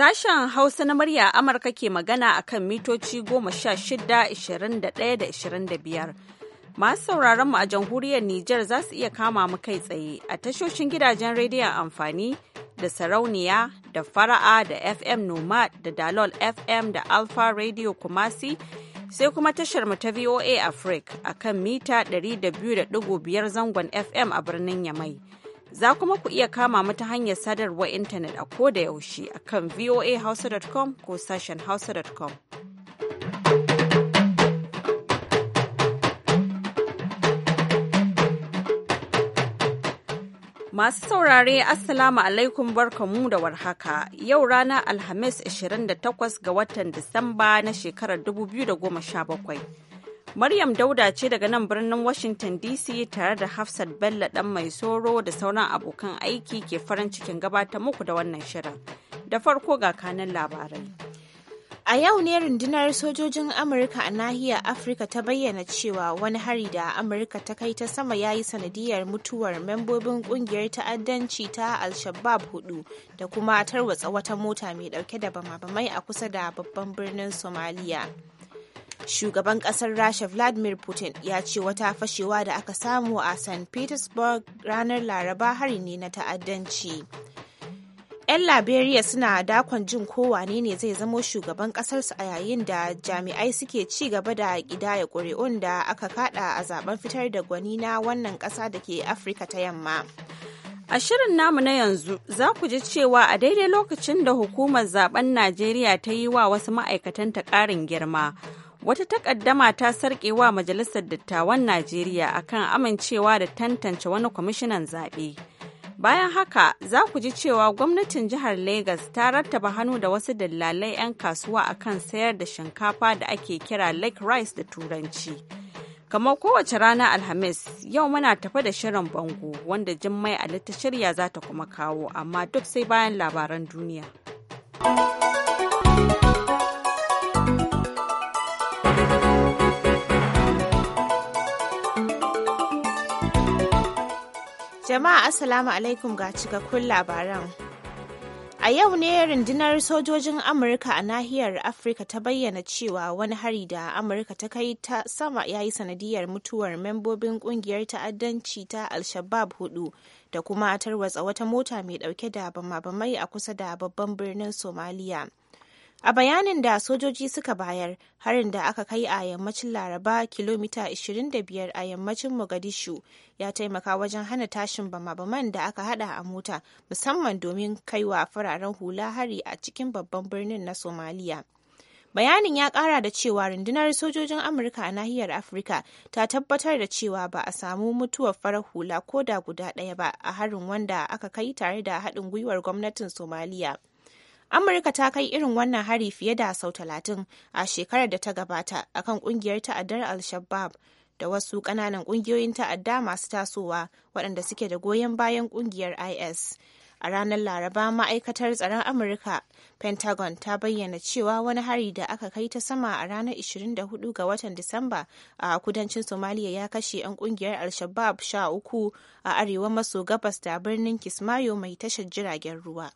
Sashen Hausa na murya Amurka ke magana a kan mitoci goma sha shida, da biyar. Masu sauraronmu a jamhuriyar Nijar za su iya kama mu kai tsaye a tashoshin gidajen rediyon amfani da sarauniya da fara'a da FM Nomad da Dalol FM da Alpha Radio Kumasi sai kuma tashar mu ta VOA Africa a kan mita 200.5 zangon FM a birnin Yamai. Za kuma ku iya kama mu ta hanyar sadarwar intanet a ko da yaushe a kan voahausa.com ko sashen hausa.com. Masu saurare Assalamu alaikum barkamu da warhaka. Yau rana Alhamis 28 ga watan Disamba na shekarar 2017. Maryam Dauda ce daga nan birnin Washington DC tare da Hafsat Bello ɗan mai soro da sauran abokan aiki ke farin cikin gabata muku da wannan shirin. Da farko ga kanan labarai. A yau ne rundunar sojojin Amurka a nahiyar Afirka ta bayyana cewa wani hari da Amurka ta kai ta sama ya yi sanadiyar mutuwar membobin kungiyar ta'addanci ta Al-Shabaab hudu da kuma tarwatsa wata mota mai dauke da bama-bamai a kusa da babban birnin Somaliya. shugaban kasar rasha vladimir putin ya ce wata fashewa da aka samu a st petersburg ranar laraba hari ne na ta'addanci 'yan liberia suna dakon jin kowane ne zai zamo shugaban kasarsu a yayin da jami'ai suke ci gaba da ya ƙuri'un da aka kada a zaben fitar da gwani na wannan ƙasa da ke afirka ta yamma a shirin namu na yanzu za ku ji cewa a daidai lokacin da hukumar zaben najeriya ta yi wa wasu ma'aikatanta ƙarin girma wata takaddama ta sarke wa majalisar dattawan najeriya akan amincewa da tantance wani kwamishinan zaɓe bayan haka za ku ji cewa gwamnatin jihar Legas ta rattaba hannu da wasu dillalai 'yan kasuwa akan sayar da shinkafa da ake kira lake rice da turanci kamar kowace rana alhamis yau muna tafe da shirin bango wanda jimmai ali ta shirya za ta kuma kawo amma duk sai bayan labaran duniya. Jama'a Assalamu alaikum ga cikakkun labaran. A yau ne rundunar sojojin Amurka a nahiyar Afirka ta bayyana cewa wani hari da Amurka ta kai ta sama ya yi sanadiyar mutuwar membobin kungiyar ta'addanci ta al shabab hudu da kuma tarwatsa wata mota mai dauke da bama-bamai a kusa da babban birnin Somaliya. A bayanin da sojoji suka bayar, harin da aka kai a yammacin Laraba kilomita 25 a yammacin Mogadishu ya taimaka wajen hana tashin bama-baman da aka hada a mota musamman domin kaiwa fararen hula hari a cikin babban birnin na Somalia. Bayanin ya kara da cewa rundunar sojojin Amurka a nahiyar Afirka ta tabbatar da cewa ba a samu mutuwar farar hula ko da guda ɗaya ba a harin wanda aka kai tare da haɗin gwiwar gwamnatin Somaliya. Amurka ta kai irin wannan hari fiye da sau talatin a shekarar da ta gabata akan kungiyar ta'addar Al-Shabaab da wasu ƙananan ƙungiyoyin ta'adda masu tasowa waɗanda suke da goyon bayan ƙungiyar IS. A ranar Laraba ma'aikatar tsaron Amurka, Pentagon ta bayyana cewa wani hari da aka kai ta sama a ranar 24 ga watan Disamba a kudancin Somalia ya kashe 'yan kungiyar al shabab sha uku a arewa maso gabas da birnin Kismayo mai tashar jiragen ruwa.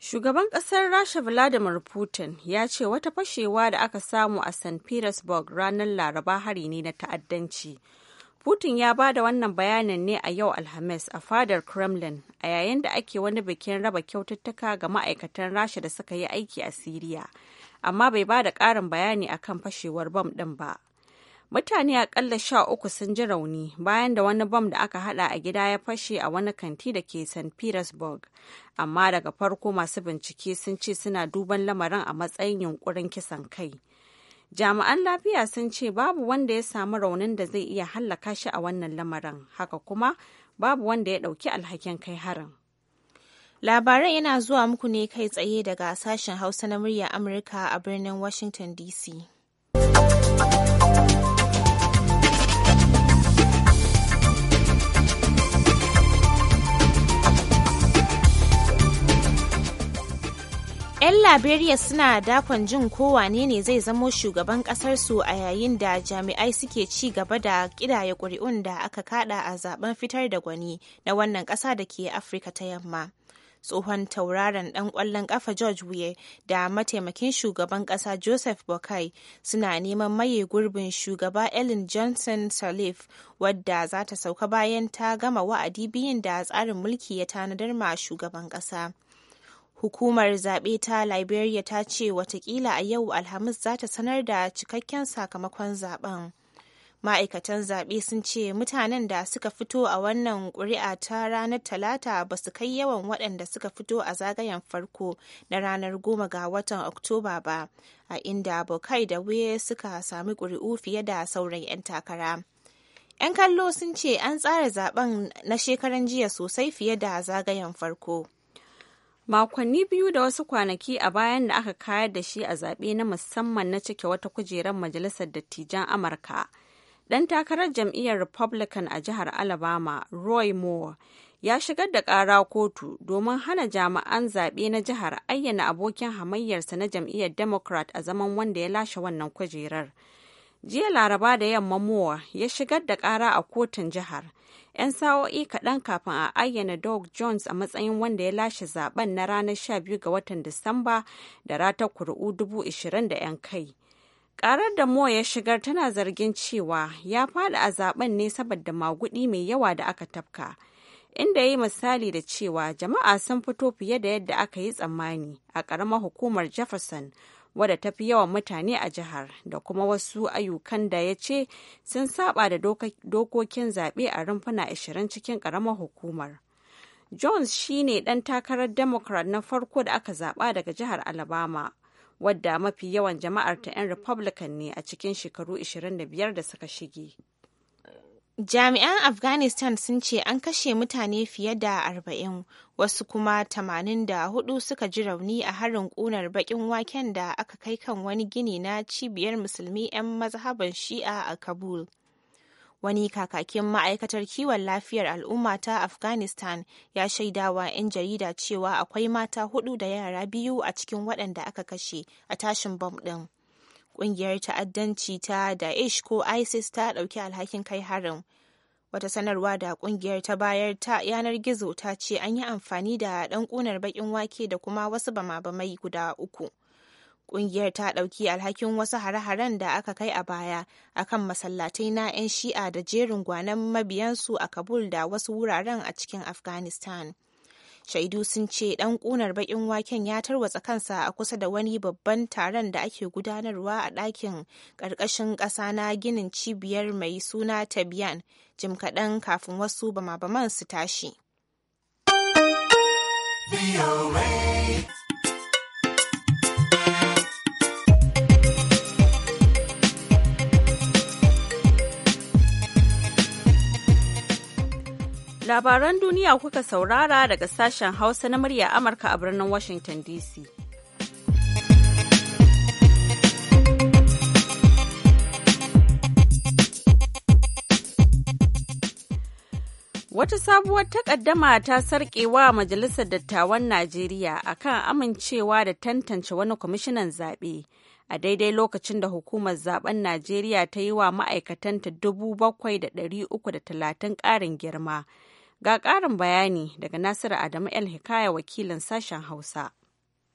Shugaban ƙasar Rasha Vladimir Putin ya ce wata fashewa da aka samu a St. Petersburg ranar Laraba hari ne na ta'addanci. Putin ya ba da wannan bayanin ne a yau Alhamis a fadar Kremlin a yayin da ake wani bikin raba kyaututtuka ga ma'aikatan Rasha da suka yi aiki a Siriya, amma bai ba da ƙarin bayani akan fashewar bam ɗin ba. mutane akalla sha uku sun ji rauni bayan da wani bam da aka hada a gida ya fashe a wani kanti da ke st petersburg amma daga farko masu bincike sun ce suna duban lamarin a matsayin yunkurin kisan kai jami'an lafiya sun ce babu wanda ya samu raunin da zai iya hallaka shi a wannan lamarin haka kuma babu wanda ya dauki alhakin kai harin labaran yana zuwa muku ne kai tsaye daga sashen hausa na murya amurka a birnin washington dc 'Yan Liberia suna dakon jin kowane ne zai zamo shugaban ƙasarsu a yayin da jami'ai suke ci gaba da ƙidaya ƙuri'un da aka kada a zaben fitar da gwani na wannan ƙasa da ke Afirka ta yamma. Tsohon tauraron ɗan ƙwallon ƙafa George Weah da mataimakin shugaban ƙasa Joseph Boakai suna neman maye gurbin shugaba Ellen Johnson Sirleaf wadda za ta sauka bayan ta gama wa'adi biyun da tsarin mulki ya tanadar ma shugaban ƙasa. Hukumar zaɓe ta Liberia ta ce watakila a yau Alhamis za ta sanar da cikakken sakamakon zaben. Ma'aikatan zaɓe sun ce mutanen da suka fito a wannan ƙuri'a ta ranar Talata ba su kai yawan waɗanda suka fito a zagayen farko na ranar goma ga watan Oktoba ba, a inda Bokai da Wuye suka sami ƙuri'u fiye da sauran 'yan takara. 'Yan kallo sun ce an tsara zaben na shekaran jiya sosai fiye da zagayen farko. makonni biyu da wasu kwanaki a bayan da aka kayar da shi a zaɓe na musamman na cike wata kujerar majalisar dattijan amurka ɗan takarar jam'iyyar republican a jihar alabama roy moore ya shigar da ƙara kotu domin hana jami'an zaɓe na jihar ayyana abokin hamayyarsa na jam'iyyar democrat a zaman wanda ya lashe wannan kujerar jiya laraba da yamma mowa ya shigar da kara a kotun jihar 'yan sa'o'i kaɗan kafin a ayyana dog jones a matsayin wanda ya lashe zaben na ranar 12 ga watan disamba da ratar kuri'u 20,000 da 'yan kai Karar da Mo ya shigar tana zargin cewa ya fada a zaben ne saboda magudi mai yawa da aka tafka, inda ya yi misali da cewa jama'a sun fito fiye da yadda aka yi tsammani a ƙaramar hukumar Jefferson wadda ta fi yawan mutane a jihar da kuma wasu ayyukan da ya ce sun saba da dokokin zaɓe a rumfuna 20 cikin ƙaramar hukumar. Jones shi ne ɗan takarar Democrat na farko da aka zaɓa daga jihar Alabama, wadda mafi yawan jama'ar ta 'yan Republican ne a cikin shekaru 25 da suka shige. Jami'an Afghanistan sun ce an kashe mutane fiye da arba'in, wasu kuma tamanin da hudu suka ji rauni a harin kunar baƙin waken da aka kai kan wani gini na cibiyar musulmi 'yan mazhaban shi'a a Kabul. Wani kakakin ma'aikatar kiwon lafiyar al'umma ta Afghanistan ya shaidawa 'yan jarida cewa akwai mata hudu da yara biyu a cikin waɗanda aka kashe a tashin bom ɗin. Ƙungiyar ta'addanci ta Daesh ko ISIS ta ɗauki alhakin kai harin. Wata sanarwa da ƙungiyar ta bayar ta yanar gizo ta ce an yi amfani da ɗan ƙunar baƙin wake da kuma wasu bama-bamai guda uku. Ƙungiyar ta ɗauki alhakin wasu hare-haren da aka kai a baya akan masallatai na 'yan shi'a da jerin gwanan mabiyansu a Kabul da wasu wuraren a cikin Afghanistan. Shaidu sun ce dan kunar bakin waken ya tarwatsa kansa a kusa da wani babban taron da ake gudanarwa a ɗakin ƙarƙashin ƙasa na ginin cibiyar mai suna Tabian jim kaɗan kafin wasu bama-baman su tashi. Labaran duniya kuka saurara daga sashen Hausa na murya Amurka a birnin Washington DC. Wata sabuwar takaddama ta sarƙewa a Majalisar Dattawan Najeriya akan amincewa da tantance wani kwamishinan zaɓe a daidai lokacin da hukumar zaben Najeriya ta yi wa ma'aikatanta dubu bakwai da ɗari uku da talatin ƙarin girma Ga ƙarin bayani daga Nasiru Adamu El Hikaya wakilin sashen Hausa.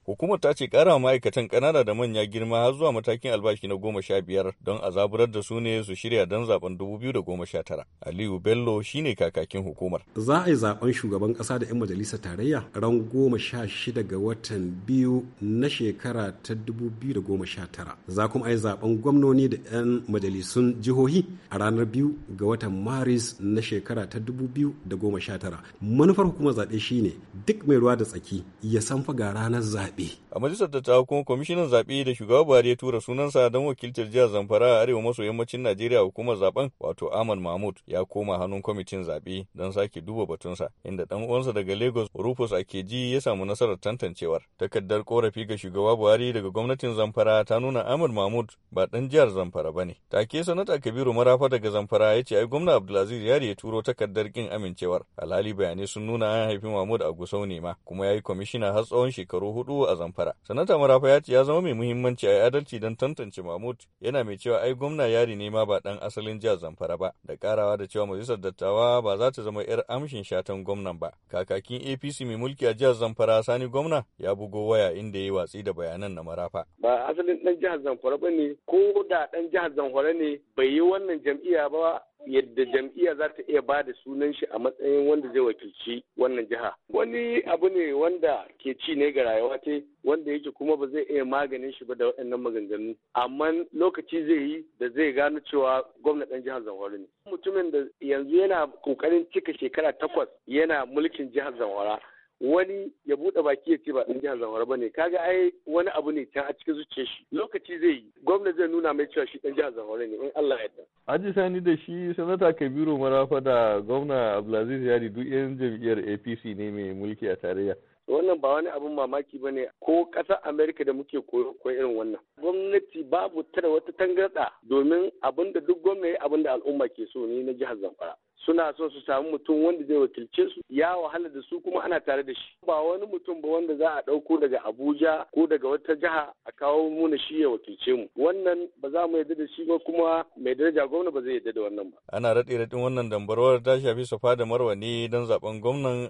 Hukumar ta ce ƙara ma'aikatan ƙanana da manya girma har zuwa matakin albashi na goma sha biyar don a zaburar da su ne su shirya don zaben dubu biyu da goma sha tara. Aliyu Bello shine kakakin hukumar. Za a yi zaben shugaban ƙasa da 'yan majalisar tarayya ran goma sha shida ga watan biyu na shekara ta dubu biyu da goma sha tara. Za kuma a yi zaben gwamnoni da 'yan majalisun jihohi a ranar biyu ga watan Maris na shekara ta dubu biyu da goma sha tara. Manufar hukumar zaɓe shine duk mai ruwa da tsaki ya san ga ranar zaɓe. zaɓe. A majalisar ta hukuma kwamishinan zaɓe da shugaba Buhari ya tura sunansa don wakiltar jihar Zamfara a arewa maso yammacin Najeriya hukumar zaben wato Ahmad Mahmud ya koma hannun kwamitin zaɓe don sake duba batunsa inda ɗan uwansa daga Lagos Rufus Akeji ya samu nasarar tantancewar. Takardar korafi ga shugaba Buhari daga gwamnatin Zamfara ta nuna Ahmad Mahmud ba ɗan jihar Zamfara ba ne. Take sanata Kabiru Marafa daga Zamfara ya ce ai gwamna Abdulaziz Yari ya turo takardar ƙin amincewar. Alhali bayanai sun nuna an haifi Mahmud a Gusau ne ma kuma ya yi kwamishina har tsawon shekaru hudu a Zamfara. Sanata Marafa ya ce ya zama mai muhimmanci a adalci don tantance Mahmud yana mai cewa ai gwamna yari ne ma ba dan asalin jihar Zamfara ba da karawa da cewa majalisar dattawa ba za ta zama yar amshin shatan gwamnan ba. Kakakin APC mai mulki a jihar Zamfara Sani gwamna ya bugo waya inda ya yi watsi da bayanan na Marafa. Ba asalin dan jihar Zamfara ba ne ko da dan jihar Zamfara ne bai yi wannan jam'iyya ba yadda jam'iyya za ta iya ba da sunan shi a matsayin wanda zai wakilci wannan jiha wani abu ne wanda ke ci ne ga rayuwa ce wanda yake kuma ba zai iya maganin shi ba da waɗannan maganganu amma lokaci zai yi da zai gano cewa gwamna ɗan jihar zamfara ne mutumin da yanzu yana ƙoƙarin cika shekara takwas yana mulkin jihar zamfara wani ya buɗe baki ya ce ba ɗan jihar zamfara ba ne kaga ai wani abu ne can a cikin zuciyar shi lokaci zai yi Gwamna zai nuna mai cewa shi ɗan jihar zamfara ne in Allah ya yarda. Aji Sani da shi sanata Kabiru Marafa da gwamna Abdulaziz Yari duk 'yan jam'iyyar APC ne mai mulki a tarayya. wannan ba wani abin mamaki ba ne ko ƙasar amerika da muke koyo irin wannan gwamnati babu tara wata tangarɗa domin abin da duk ya abin da al'umma ke so ne na jihar zamfara suna so su samu mutum wanda zai wakilce su ya wahala da su kuma ana tare da shi ba wani mutum ba wanda za a ɗauko daga abuja ko daga wata jiha a kawo muna shi ya wakilce mu wannan ba za mu yadda da shi ba kuma mai daraja gwamna ba zai yadda da wannan ba ana raɗe raɗin wannan dambarwar ta shafi safa da marwa ne don zaben gwamnan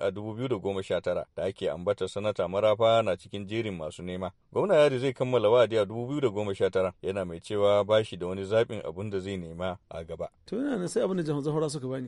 a tara da ake ambata sanata marafa na cikin jerin masu nema gwamna yari zai kammala wa'adi a tara yana mai cewa ba da wani zaɓin abin da zai nema a gaba tunanin sai abin da jama'a suka bani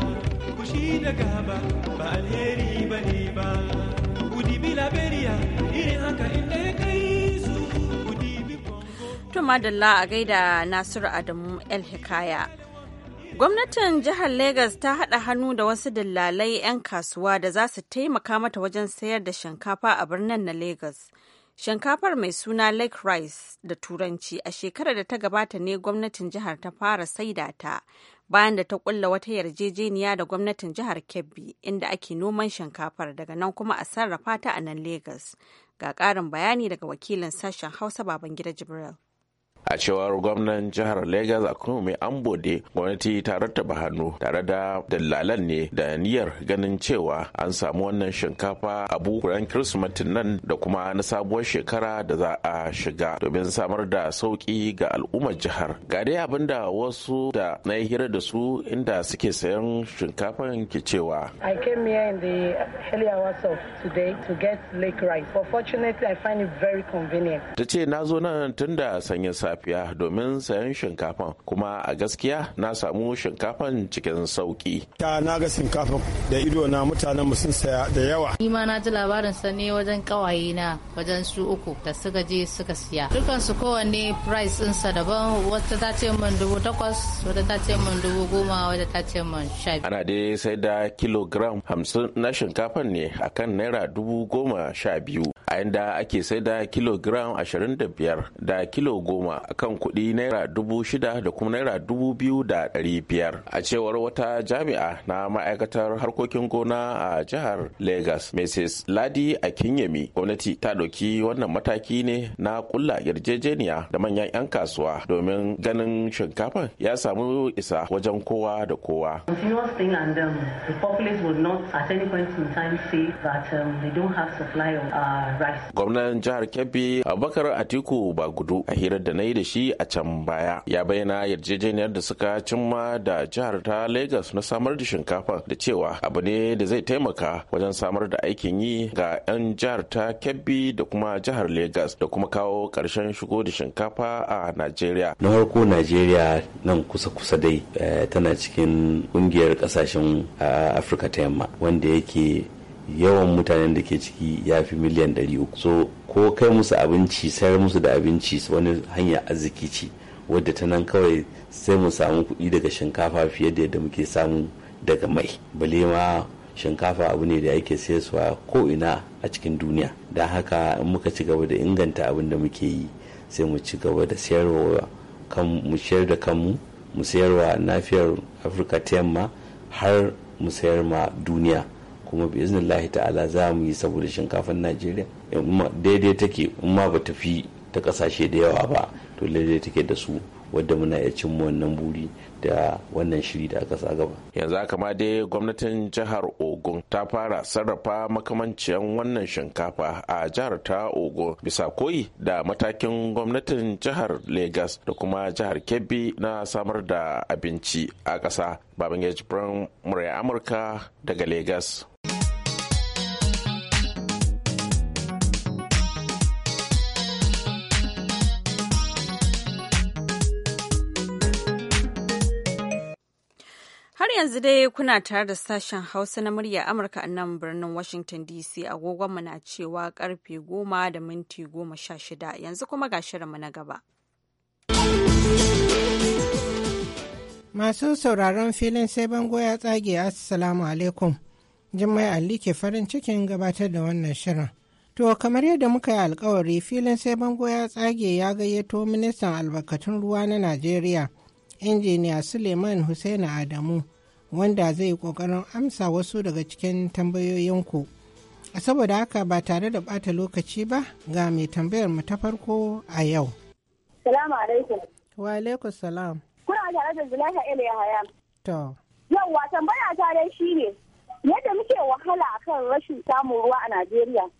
da ba alheri madalla a gaida nasiru adamu el hikaya Gwamnatin jihar Legas ta haɗa hannu da wasu dillalai 'yan kasuwa da za su taimaka mata wajen sayar da shinkafa a birnin na Legas. Shinkafar mai suna Lake Rice da Turanci a shekarar da ta gabata ne gwamnatin jihar ta fara saida ta bayan da ta kulla wata yarjejeniya da gwamnatin jihar Kebbi inda ake noman shinkafar daga nan kuma a sarrafa ta a nan Legas. Ga ƙarin bayani daga wakilin sashen Hausa Babangida Jibril. a cewar gwamnan jihar Legas a mai bode gwamnati ta rattaba hannu tare da dalalan ne da niyyar ganin cewa an samu wannan shinkafa a bukuran kirsimetin nan da kuma na sabuwar shekara da za a shiga domin samar da sauki ga al'ummar jihar ga dai abin da wasu da na yi hira da su inda suke sayan shinkafan ke cewa i came here in of today to get lake rice but ta ce na zo nan tun da sanyin lafiya domin sayan shinkafan kuma a gaskiya na samu shinkafan cikin sauki. Ta na ga shinkafan da ido na mutanen mu sun saya da yawa. Ni ma na ji labarin sa ne wajen kawaye na wajen su uku da suka je suka siya. Dukan su kowanne price ɗinsa daban wata ta ce min dubu takwas wata ta ce min dubu goma wata ta ce min sha Ana dai sai da kilogram hamsin na shinkafan ne akan naira dubu goma sha biyu a da ake sai da kilogram 25 da kilo 10 kan kuɗi naira dubu shida da kuma naira dubu biyu da ɗari biyar a cewar wata jami'a na ma'aikatar harkokin gona a jihar lagos mrs ladi akinyemi gwamnati ta ɗauki wannan mataki ne na kulla yarjejeniya da manyan 'yan kasuwa domin ganin shinkafa ya samu isa wajen kowa da kowa The um, populace not at any uh, Gwamnan jihar Kebbi Abubakar Atiku Bagudu a hirar da na yi da shi a can baya ya bayyana yarjejeniyar da suka cimma da jihar ta Lagos na samar da shinkafa da cewa abu ne da zai taimaka wajen samar da aikin yi ga 'yan jihar ta Kebbi da kuma jihar Lagos da kuma kawo karshen shigo da shinkafa a Najeriya. Na harko Najeriya nan kusa-kusa dai eh, tana cikin kungiyar kasashen eh, Afirka ta yamma wanda yake yawan mutanen da ke ciki ya fi miliyan 300 so ko kai musu abinci sayar musu da abinci wani hanya arziki ce wadda ta nan kawai sai mu samu kuɗi daga shinkafa fiye da yadda muke samu daga mai bale ma shinkafa abu ne da yake sayarwa ko ina a cikin duniya don haka in muka ci gaba da inganta abin da muke yi sai mu ci gaba da sayarwa mu sayar da kanmu mu sayarwa nafiyar afirka ta yamma har mu sayar ma duniya kuma bi lahi ta'ala za mu yi saboda shinkafar najeriya daidai take in ma ba fi ta kasashe da yawa ba to daidai take da su wadda muna iya cin wannan buri da wannan shiri da aka sa gaba. Yanzu aka ma dai gwamnatin jihar Ogun ta fara sarrafa makamanciyan wannan shinkafa a jihar ta Ogun bisa koyi da matakin gwamnatin jihar Legas da kuma jihar Kebbi na samar da abinci a ƙasa. babin Jibran Murai Amurka daga Legas. yanzu dai kuna tare da sashen Hausa na murya Amurka a nan birnin Washington DC agogonmu na cewa karfe goma da minti goma sha shida yanzu kuma ga shirinmu na gaba. Masu sauraron filin sai bango ya tsage Assalamu alaikum. Jummai alli ke farin cikin gabatar da wannan shirin. To kamar yadda muka yi alkawari filin sai bango ya tsage ya gayyato ministan albarkatun ruwa na Najeriya, injiniya Suleiman Hussein Adamu wanda zai yi ƙoƙarin amsa wasu daga cikin tambayoyinku. Saboda haka ba tare da bata lokaci ba ga mai tambayar mu ta farko a yau. Salamu alaikum. Wa alaikum salam. Kuna tare da Zulaiha Ele Yahaya. To. Yawwa tambaya ta dai shine yadda muke wahala akan rashin samun ruwa a Najeriya.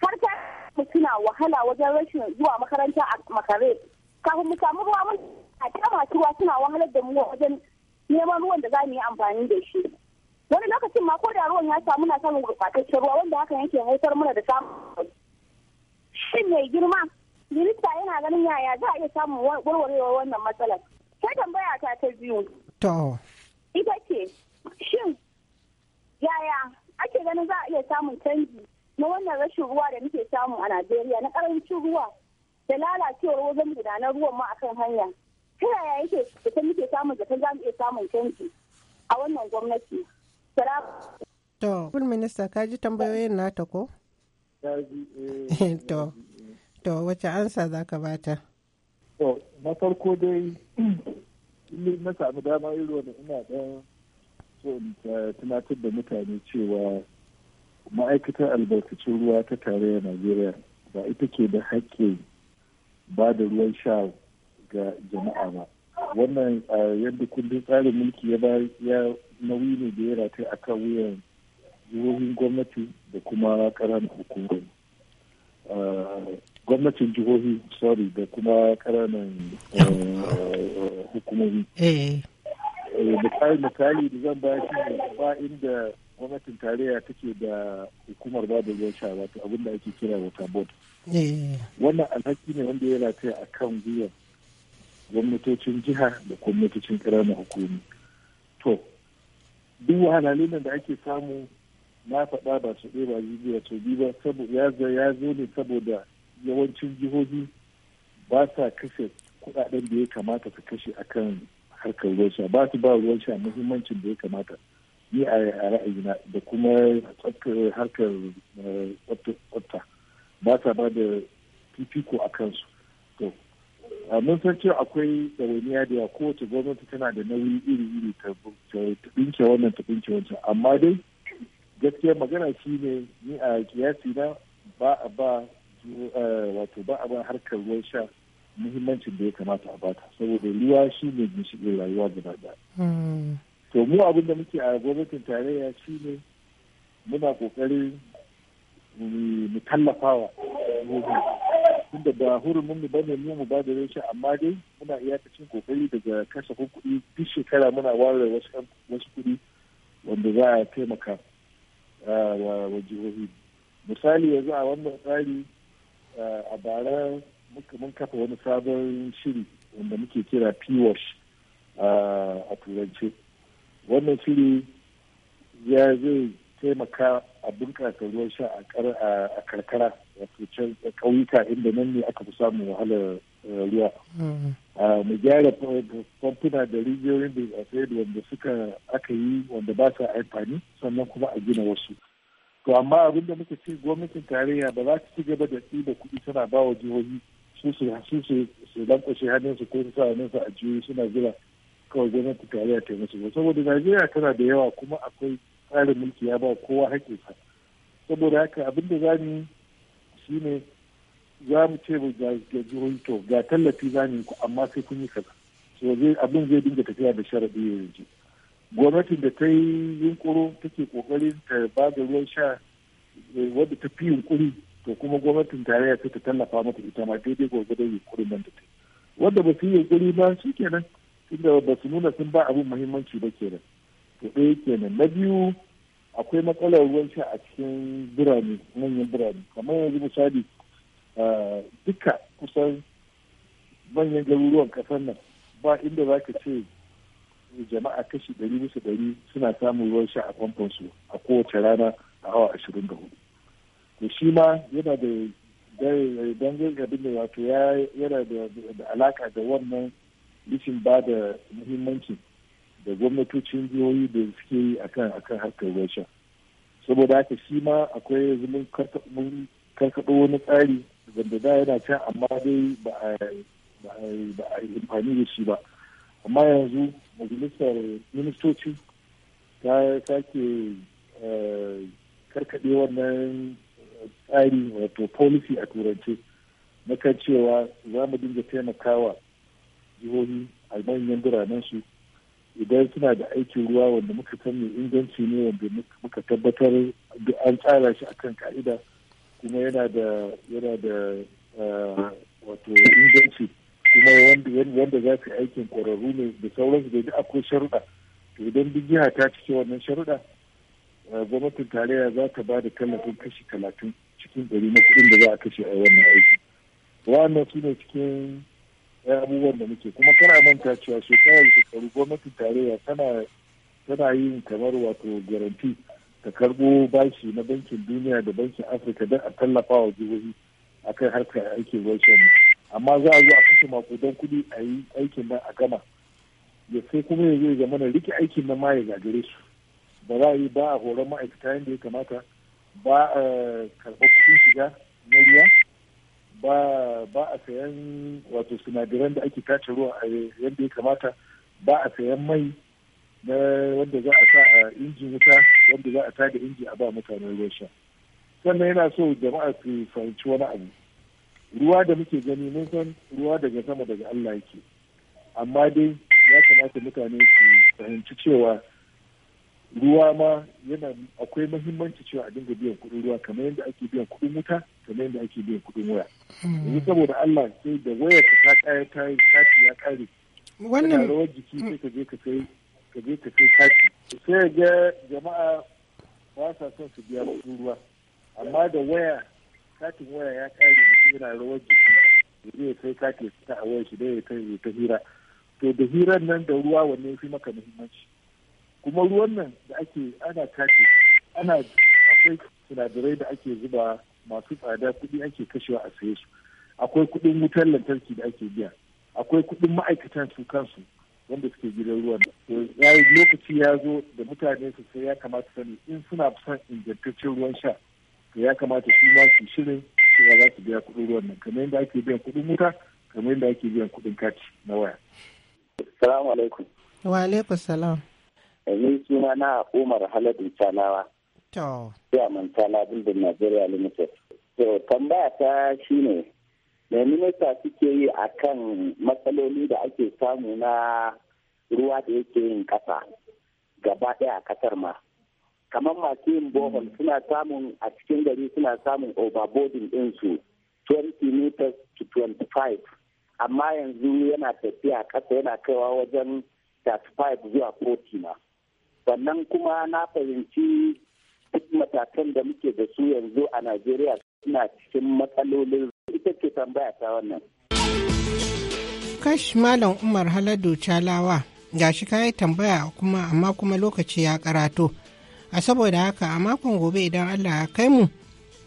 Har ta suna wahala wajen rashin zuwa makaranta a makare. Kafin mu samu ruwa mun a masu ruwa suna wahalar da mu wajen neman ruwan da za mu yi amfani da shi wani lokacin ma ko da ruwan ya samu na samun gurɓataccen ruwa wanda hakan yake haifar mana da samun shin mai girma minista yana ganin yaya za a iya samun warwarewar wannan matsalar sai tambaya ta ta biyu to ita ce shin yaya ake ganin za a iya samun canji na wannan rashin ruwa da muke samu a najeriya na ƙarancin ruwa da lalacewar wajen gudanar ruwan ma akan hanya ta yaya yake da muke samun zaton za mu iya samun canji a wannan gwamnati to kun minista ka ji tambayoyin nata ko eh. to to wace ansa za ka bata to na farko dai na sami dama iro da ina dan so eh, tunatar da mutane cewa ma'aikatar albarkacin ruwa ta a najeriya ba ita ke da haƙƙin ba da ruwan sha ga jama'a ba wannan yadda kundin tsarin mulki ya ya nauyi ne da ya rata a kan wuyan jihohin gwamnati da kuma ƙananan hukumomi gwamnatin jihohi sorry da kuma ƙananan hukumomi eh. Eh, misali da zan bayar shi ba inda gwamnatin tarayya take da hukumar ba da ruwan sha wato abin da ake kira water board eh. wannan alhaki ne wanda ya rataya a kan wuyan gwamnatocin jiha da gwamnatocin ƙananan hukumi to duk wahalhalun da ake samu na faɗa ba su ɗaya ba biyu ba biyu ba saboda ya zo ne saboda yawancin jihohi ba sa kashe kuɗaɗen da ya kamata su kashe akan harkar ruwan sha ba su ba ruwan sha muhimmancin da ya kamata ni a ra'ayina da kuma harkar eh, tsafta ba sa ba da fifiko a kansu to mun san cewa akwai ɗawainiya da yawa kowace gwamnati tana da nauyi iri-iri ta ɗinke wannan ta ɗinke wancan amma dai gaskiya magana shi ne ni a kiyasi na ba a ba eh, wato ba a ba harkar ruwan sha muhimmancin da ya kamata a bata saboda ruwa shi ne ginshiƙin rayuwa gaba ɗaya. Hmm. to mu abin da muke a gwamnatin tarayya shi ne muna ƙoƙarin mu tallafawa tunda ba hurumin mu bane mu mu ba da rashi amma dai muna iyakacin kokari daga kasa kuɗi duk shekara muna ware wasu wasu kuɗi wanda za a taimaka wa jihohi misali yanzu a wannan tsari a bara mun kafa wani sabon shiri wanda muke kira pwash a turance wannan shiri ya zai taimaka a bunƙasa ruwan sha a karkara wato can ƙauyuka inda nan ne aka fi samun wahalar eh, ruwa mm-hmm. mu gyara famfuna da rijiyoyin da a da wanda suka aka yi wanda ba sa amfani sannan kuma a gina wasu to amma abin da muka ce gwamnatin tarayya ba za ta ci gaba da ɗiba kuɗi tana ba wa jihohi su su su lankwashe hannunsu ko su sa su a jihohi suna jira kawai gwamnatin tarayya ta musu ba saboda najeriya tana da yawa kuma akwai tsarin mulki ya ba kowa haƙƙinsa saboda haka abinda da za mu yi ne za mu ce ga jihohi to ga tallafi za mu yi amma sai kun yi kaza so abin zai dinga tafiya da sharaɗi yanzu gwamnatin da ta yi yunkuro take ƙoƙarin ta ba da ruwan sha eh, wadda ta fi yunkuri to kuma gwamnatin tarayya sai ta tallafa mata ita ma daidai gwargwadon yunkurin nan da ta yi wanda ba su yi yunkuri ba shi kenan tunda ba su nuna sun ba abin muhimmanci ba kenan to ɗaya kenan na biyu akwai matsalar ruwan sha a cikin birane manyan birane kamar yanzu misali duka kusan manyan garuruwan kasar nan ba inda za ka ce jama'a kashi ɗari bisa ɗari suna samun ruwan sha a famfonsu a kowace rana a awa ashirin da hudu to shi ma yana da dangin abin da wato yana da alaka da wannan rishin ba da muhimmancin. da gwamnatocin jihohi da suke yi a kan harkar rasha saboda haka shi ma akwai mun karkaɗo wani tsari wanda da yana can amma dai ba a yi amfani da shi ba amma yanzu majalisar ministoci ta sake eh, karkaɗe wannan tsari wato policy a turanci na kan cewa za mu dinga taimakawa jihohi a manyan biranen su idan suna da aikin ruwa wanda muka san mai inganci ne wanda muka tabbatar an tsara shi akan ka'ida kuma yana da yana da ah, wato inganci kuma wanda za su aikin ƙwararru ne da sauransu da akwai sharuɗa to idan duk jiha ta cike wannan sharuɗa ah, gwamnatin tarayya za ta ba da tallafin kashi talatin cikin ɗari na kuɗin da za a kashe a wannan aiki wa'annan su ne cikin ɗaya abubuwan da muke kuma kana manta cewa shekarar shekaru gwamnatin tarayya tana tana yin kamar wato garanti ta karbo bashi na bankin duniya da bankin afirka don a tallafa wa jihohi akan harkar aikin ruwan mu amma za a zo a kashe don kuɗi a yi aikin nan a gama ya sai kuma ya zai zama na rike aikin nan ma ya gagare su ba za a yi ba a horon ma'aikata yadda ya kamata ba a eh, karɓar kuɗin shiga na ruwa ba a sayan wato sinadiran da ake tace ruwa a yadda ya kamata ba a sayan mai na wanda za a sa a injin wuta wanda za a ta da inji a ba mutanen ruwan sha sannan yana so jama'a su fahimci wani abu ruwa da muke gani mun san ruwa daga sama daga Allah yake amma dai ya kamata mutane su fahimci cewa ruwa ma yana akwai mahimmanci cewa a dinga biyan kuɗin ruwa kamar yadda ake biyan kuɗin wuta kamar yadda ake biyan kuɗin waya yanzu saboda Allah sai da waya ta kaya ta yi kati ya kare wannan rawar jiki sai ka je ka sai ka je ka sai kati sai ga jama'a ba sa son su biya kudin ruwa amma da waya katin waya ya kare mutum yana rawar jiki zai sai kati ya fita a waya shi dai ya ta hira to da hirar nan da ruwa wanne fi maka muhimmanci kuma ruwan nan da ake ana tace ana akwai sinadarai da ake zuba masu tsada kuɗi ake kashewa a saye su akwai kuɗin wutar lantarki da ake biya akwai kuɗin ma'aikatan su kansu wanda suke gidan ruwan ya yi lokaci ya zo da mutane su sai ya kamata sani in suna son ingantaccen ruwan sha to ya kamata su ma su shirin ya za su biya kuɗin ruwan nan kamar yadda ake biyan kuɗin wuta kamar yadda ake biyan kuɗin kati na waya. Salamu alaikum. Wa alaikum salam. ni suna na umar haladun talawa chairman tala building nigeria limited to tambaya ta shine me minista suke yi kan matsaloli da ake samu na ruwa da yake yin kasa gaba daya a kasar ma kamar masu yin bohol suna samun a cikin gari suna samun overboarding ɗinsu 20 meters to 25 amma yanzu yana tafiya kasa yana kaiwa wajen 35 zuwa 40 na sannan kuma na fahimci duk matakan da muke da su yanzu a najeriya suna cikin matsalolin ita ce tambaya ta wannan kash malam umar haladu chalawa gashi ka yi tambaya kuma amma kuma lokaci ya karato a saboda haka a makon gobe idan allah ya kai mu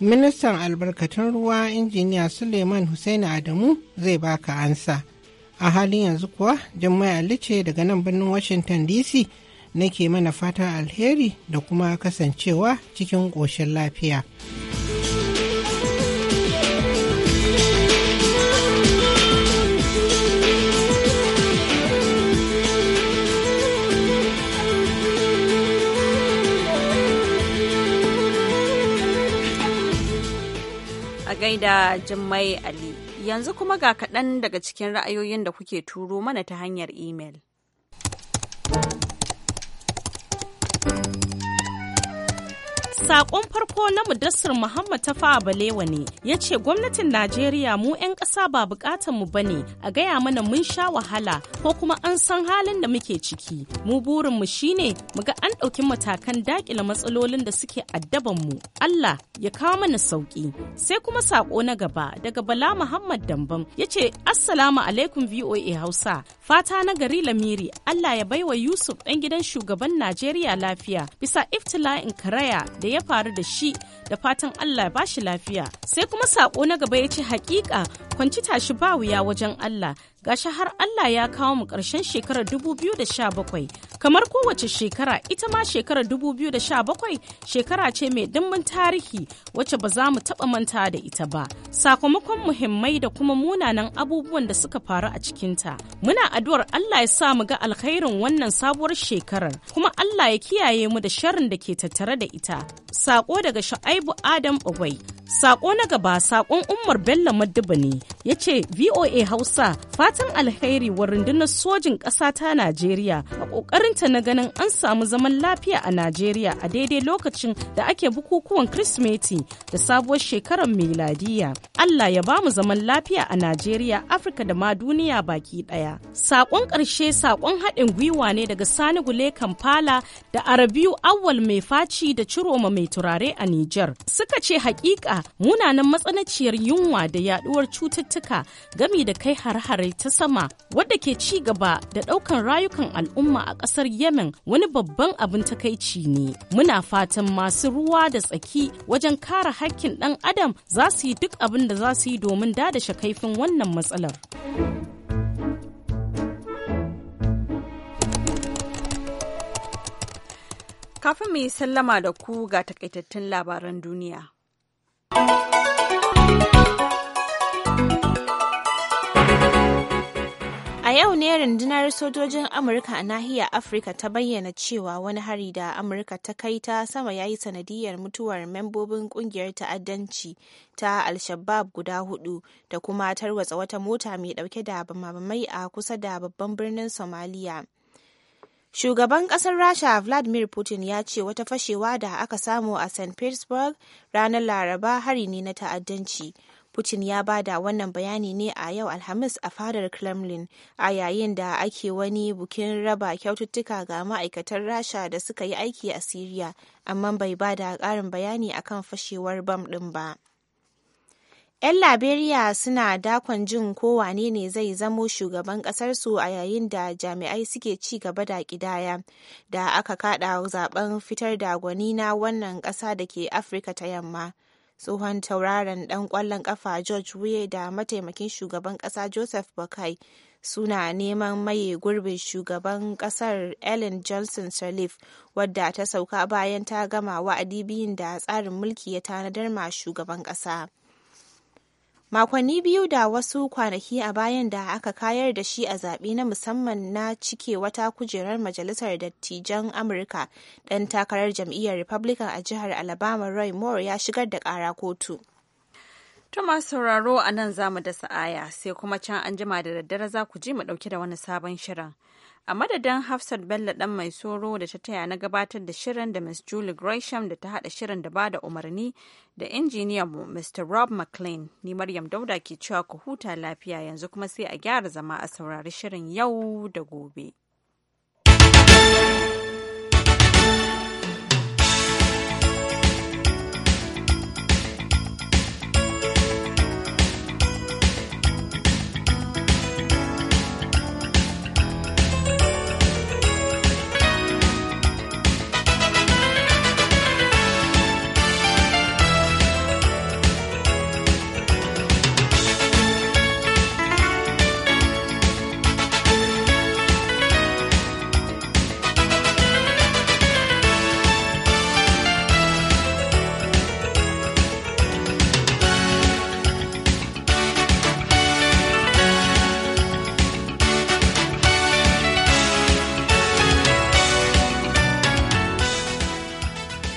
ministan albarkatun ruwa injiniya suleiman Hussaini adamu zai baka ansa a halin yanzu kuwa Jummai ali ce daga nan birnin washington dc nake mana fata alheri da kuma kasancewa cikin ƙoshin lafiya. A gaida Jummai Ali, yanzu kuma ga kaɗan daga cikin ra'ayoyin da kuke turo mana ta hanyar imel. Thank you. Sakon farko na Mudassir Muhammad Tafa Balewa ne ya ce gwamnatin Najeriya mu 'yan ƙasa ba buƙatar mu bane a gaya mana mun sha wahala ko kuma an san halin da muke ciki. Mu burin mu shine mu ga an ɗauki matakan daƙile matsalolin da suke addaban mu. Allah ya kawo mana sauƙi Sai kuma sako na gaba daga Bala Muhammad Dambam ya ce Assalamu alaikum VOA Hausa. Fata na gari Lamiri Allah ya baiwa Yusuf ɗan gidan shugaban Najeriya lafiya bisa iftila'in karaya da da ya faru da shi da fatan Allah ba shi lafiya. Sai kuma saƙo na gaba ya ce hakika kwanci tashi ba wuya wajen Allah gashi har Allah ya kawo mu ƙarshen shekarar 2017 kamar kowace shekara ita ma shekarar 2017 shekara ce mai dimbin tarihi wacce ba za mu taɓa manta da ita ba sakamakon muhimmai da kuma munanan abubuwan da suka faru a cikinta muna addu'ar Allah ya sa mu ga alkhairin wannan sabuwar shekarar kuma Allah ya kiyaye mu da sharrin da ke tattare da ita sako daga Shu'aibu adam bagwai sako na gaba sakon umar bello madduba ne yace voa hausa fata fatan alheri wa rundunar sojin ƙasa ta Najeriya a ƙoƙarinta na ganin an samu zaman lafiya a Najeriya a daidai lokacin da ake bukukuwan Kirsimeti da sabuwar shekarar miladiya. Allah ya ba mu zaman lafiya a Najeriya, Afirka da ma duniya baki ɗaya. Saƙon ƙarshe saƙon haɗin gwiwa ne daga Sani Gule Kampala da Arabiyu awal mai faci da Ciroma mai turare a Nijar. Suka ce haƙiƙa munanan matsanaciyar yunwa da yaɗuwar cututtuka gami da kai har-hare ta sama wadda ke ci gaba da ɗaukan rayukan al'umma a kasar Yemen wani babban abin takaici ne. Muna fatan masu ruwa da tsaki wajen kare hakkin ɗan adam za su yi duk abin da za su yi domin dadashe shakaifin wannan matsalar. Kafin mu sallama da ku ga takaitattun labaran duniya. A yau ne rundunar sojojin Amurka a nahiyar Afirka ta bayyana cewa wani hari da Amurka ta kai ta sama yayi yi sanadiyar mutuwar membobin kungiyar ta'addanci ta al guda hudu da kuma tarwatsa wata mota mai dauke da bamabamai a kusa da babban birnin Somalia. Shugaban ƙasar Rasha Vladimir Putin ya ce wata fashewa da aka samu a St. Petersburg ranar Laraba hari ne na ta'addanci. Putin ya ba da wannan bayani ne a yau Alhamis a fadar Kremlin a yayin da ake wani bukin raba kyaututtuka ga ma'aikatan Rasha da suka yi aiki a Siriya, amma bai ba da ƙarin bayani a kan fashewar bam ɗin ba. 'Yan Liberia suna dakon jin ko ne zai zamo shugaban ƙasarsu a yayin da jami'ai suke ci gaba da ƙidaya da aka kada zaben fitar da gwani na wannan ƙasa da ke Afirka ta yamma. tsohon tauraron dan kwallon kafa george wuye da mataimakin shugaban kasa joseph bakai suna neman maye gurbin shugaban kasar ellen johnson sirleaf wadda ta sauka bayan ta gama wa'adi biyun da tsarin mulki ya tanadar ma shugaban kasa makonni biyu da wasu kwanaki a bayan da aka kayar da shi a zaɓe na musamman na cike wata kujerar majalisar dattijan amurka ɗan takarar jam'iyyar republican a jihar alabama roy moore ya shigar da ƙara kotu To masu sauraro a nan za mu da sa'aya sai kuma can an jima da daddare za ku ji mu ɗauke da wani sabon shirin. a madadin hafsat bello dan mai soro da ta taya na gabatar da shirin da miss julie gresham da ta hada shirin da bada umarni da injiniyan mu mr rob mclean ni maryam dauda ke cewa ku huta lafiya yanzu kuma sai a gyara zama a saurari shirin yau da gobe